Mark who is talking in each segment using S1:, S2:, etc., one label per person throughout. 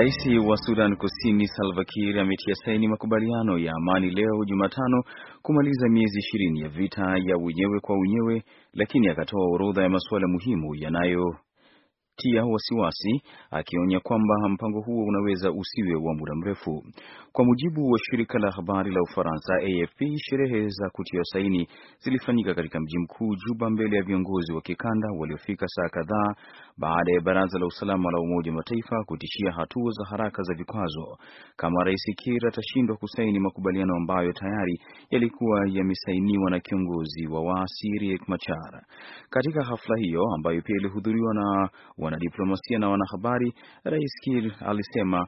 S1: Rais wa Sudan Kusini Salva Kiir ametia saini makubaliano ya amani leo Jumatano kumaliza miezi ishirini ya vita ya wenyewe kwa wenyewe, lakini akatoa orodha ya masuala muhimu yanayo kutia wasiwasi, akionya kwamba mpango huo unaweza usiwe wa muda mrefu. Kwa mujibu wa shirika la habari la Ufaransa AFP, sherehe za kutia saini zilifanyika katika mji mkuu Juba mbele ya viongozi wa kikanda waliofika saa kadhaa baada ya Baraza la Usalama la Umoja wa Mataifa kutishia hatua za haraka za vikwazo kama Rais Kiir atashindwa kusaini makubaliano ambayo tayari yalikuwa yamesainiwa na kiongozi wa waasi Riek Machar. Katika hafla hiyo ambayo pia ilihudhuriwa na wanadiplomasia na wanahabari, Rais Kiir alisema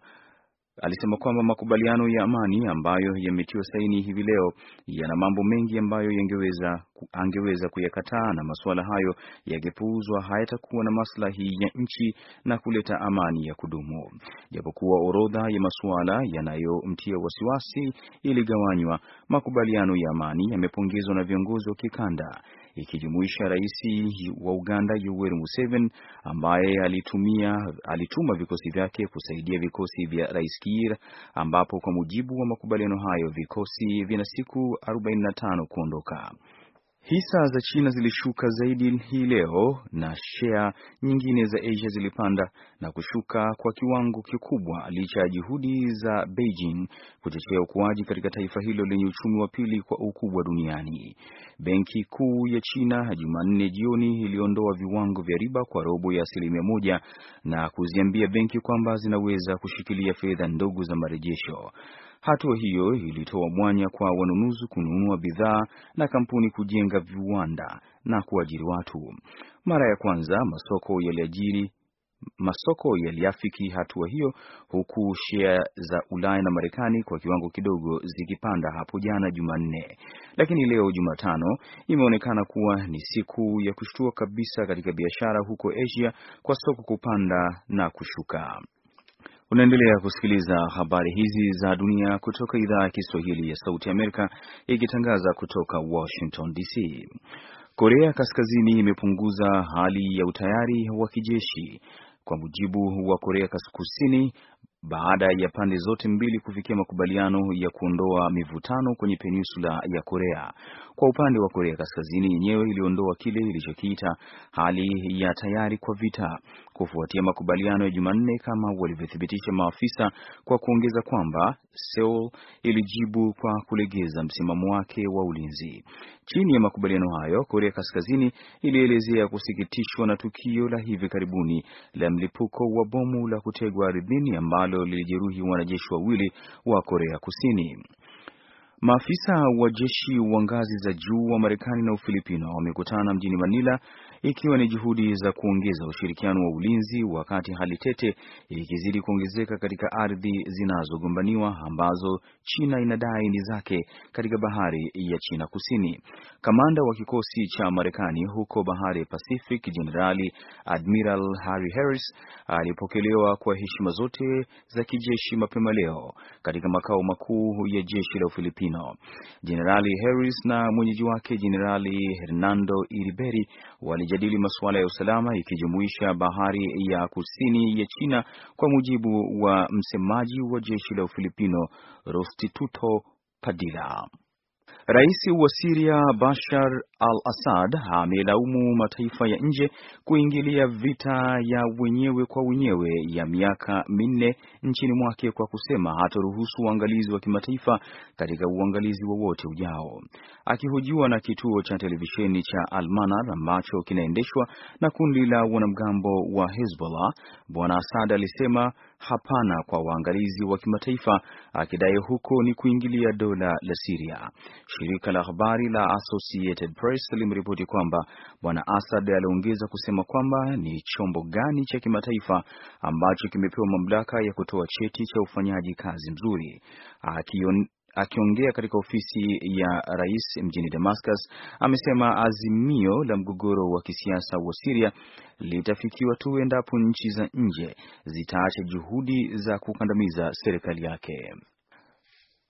S1: alisema kwamba makubaliano ya amani ambayo yametiwa saini hivi leo yana mambo mengi ambayo yangeweza angeweza kuyakataa na masuala hayo yangepuuzwa, hayatakuwa na maslahi ya nchi na kuleta amani ya kudumu. Japokuwa orodha ya masuala yanayomtia wasiwasi iligawanywa, makubaliano ya amani yamepongezwa na viongozi wa kikanda ikijumuisha Rais wa Uganda Yoweri Museveni ambaye alitumia alituma vikosi vyake kusaidia vikosi vya Rais Kiir, ambapo kwa mujibu wa makubaliano hayo vikosi vina siku 45 kuondoka. Hisa za China zilishuka zaidi hii leo na shea nyingine za Asia zilipanda na kushuka kwa kiwango kikubwa licha ya juhudi za Beijing kuchochea ukuaji katika taifa hilo lenye uchumi wa pili kwa ukubwa duniani. Benki Kuu ya China Jumanne jioni iliondoa viwango vya riba kwa robo ya asilimia moja na kuziambia benki kwamba zinaweza kushikilia fedha ndogo za marejesho. Hatua hiyo ilitoa mwanya kwa wanunuzi kununua bidhaa na kampuni kujenga viwanda na kuajiri watu. Mara ya kwanza masoko yaliajiri masoko yaliafiki hatua hiyo, huku shea za Ulaya na Marekani kwa kiwango kidogo zikipanda hapo jana Jumanne, lakini leo Jumatano imeonekana kuwa ni siku ya kushtua kabisa katika biashara huko Asia kwa soko kupanda na kushuka. Unaendelea kusikiliza habari hizi za dunia kutoka idhaa ya Kiswahili ya Sauti Amerika ikitangaza kutoka Washington DC. Korea Kaskazini imepunguza hali ya utayari wa kijeshi kwa mujibu wa Korea Kusini baada ya pande zote mbili kufikia makubaliano ya kuondoa mivutano kwenye peninsula ya Korea. Kwa upande wa Korea Kaskazini, yenyewe iliondoa kile ilichokiita hali ya tayari kwa vita kufuatia makubaliano ya Jumanne, kama walivyothibitisha maafisa, kwa kuongeza kwamba Seoul ilijibu kwa kulegeza msimamo wake wa ulinzi. Chini ya makubaliano hayo, Korea Kaskazini ilielezea kusikitishwa na tukio la hivi karibuni la mlipuko wa bomu la kutegwa ardhini ambalo ambalo lilijeruhi wanajeshi wawili wa Korea Kusini. Maafisa wa jeshi wa ngazi za juu wa Marekani na Ufilipino wamekutana mjini Manila ikiwa ni juhudi za kuongeza ushirikiano wa ulinzi wakati hali tete ikizidi kuongezeka katika ardhi zinazogombaniwa ambazo China inadai ni zake katika bahari ya China Kusini. Kamanda wa kikosi cha Marekani huko bahari ya Pacific, Jenerali Admiral Harry Harris alipokelewa kwa heshima zote za kijeshi mapema leo katika makao makuu ya jeshi la Ufilipino Ufilipino. Jenerali Harris na mwenyeji wake Jenerali Hernando Iriberi walijadili masuala ya usalama ikijumuisha bahari ya kusini ya China, kwa mujibu wa msemaji wa jeshi la Ufilipino Rostituto Padilla. Rais wa Siria Bashar al-Assad amelaumu mataifa ya nje kuingilia vita ya wenyewe kwa wenyewe ya miaka minne nchini mwake kwa kusema hataruhusu uangalizi wa kimataifa katika uangalizi wowote ujao. Akihojiwa na kituo cha televisheni cha almanar ambacho kinaendeshwa na kundi la wanamgambo wa Hezbollah, Bwana Assad alisema hapana kwa waangalizi wa kimataifa, akidai huko ni kuingilia dola la Siria. Shirika la habari la Associated Press limeripoti kwamba bwana Assad aliongeza kusema kwamba ni chombo gani cha kimataifa ambacho kimepewa mamlaka ya kutoa cheti cha ufanyaji kazi mzuri, akion Akiongea katika ofisi ya rais mjini Damascus, amesema azimio la mgogoro wa kisiasa wa Siria litafikiwa tu endapo nchi za nje zitaacha juhudi za kukandamiza serikali yake.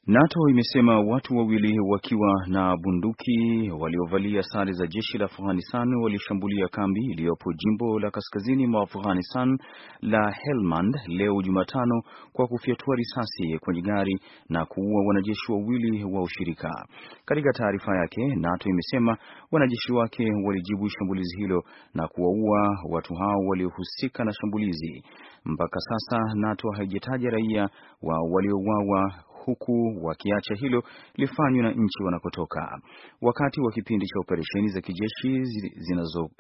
S1: NATO imesema watu wawili wakiwa na bunduki waliovalia sare za jeshi la Afghanistan walishambulia kambi iliyopo jimbo la kaskazini mwa Afghanistan la Helmand leo Jumatano kwa kufyatua risasi kwenye gari na kuua wanajeshi wawili wa ushirika. Katika taarifa yake, NATO imesema wanajeshi wake walijibu shambulizi hilo na kuwaua watu hao waliohusika na shambulizi. Mpaka sasa NATO haijataja raia wa waliouawa huku wakiacha hilo lifanywe na nchi wanakotoka. Wakati wa kipindi cha operesheni za kijeshi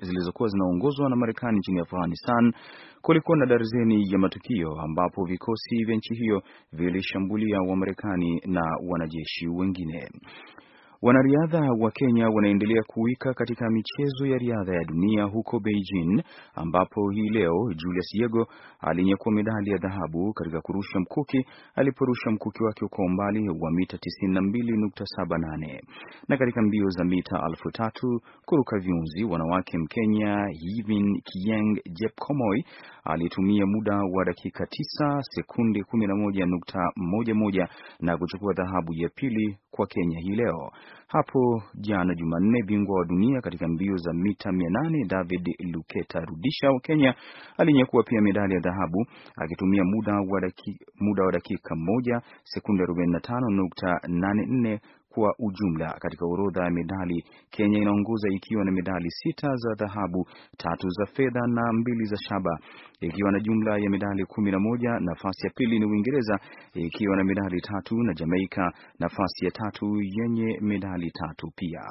S1: zilizokuwa zinaongozwa na Marekani nchini Afghanistan, kulikuwa na darzeni ya matukio ambapo vikosi vya nchi hiyo vilishambulia Wamarekani na wanajeshi wengine. Wanariadha wa Kenya wanaendelea kuwika katika michezo ya riadha ya dunia huko Beijing, ambapo hii leo Julius Yego alinyakua medali ya dhahabu katika kurusha mkuki aliporusha mkuki wake kwa umbali wa mita 92.78. Na katika mbio za mita elfu tatu kuruka viunzi wanawake, Mkenya Yvin kiyeng Jepkomoi alitumia muda wa dakika 9 sekunde 11.11 na kuchukua dhahabu ya pili kwa Kenya hii leo. Hapo jana Jumanne, bingwa wa dunia katika mbio za mita 800 David Luketa Rudisha wa Kenya alinyakua pia medali ya dhahabu akitumia muda wa dakika moja sekunde 45.84 kwa ujumla. Katika orodha ya medali, Kenya inaongoza ikiwa na medali sita za dhahabu, tatu za fedha na mbili za shaba, ikiwa na jumla ya medali kumi na moja. Nafasi ya pili ni Uingereza ikiwa na medali tatu na Jamaika nafasi ya tatu yenye medali tatu pia.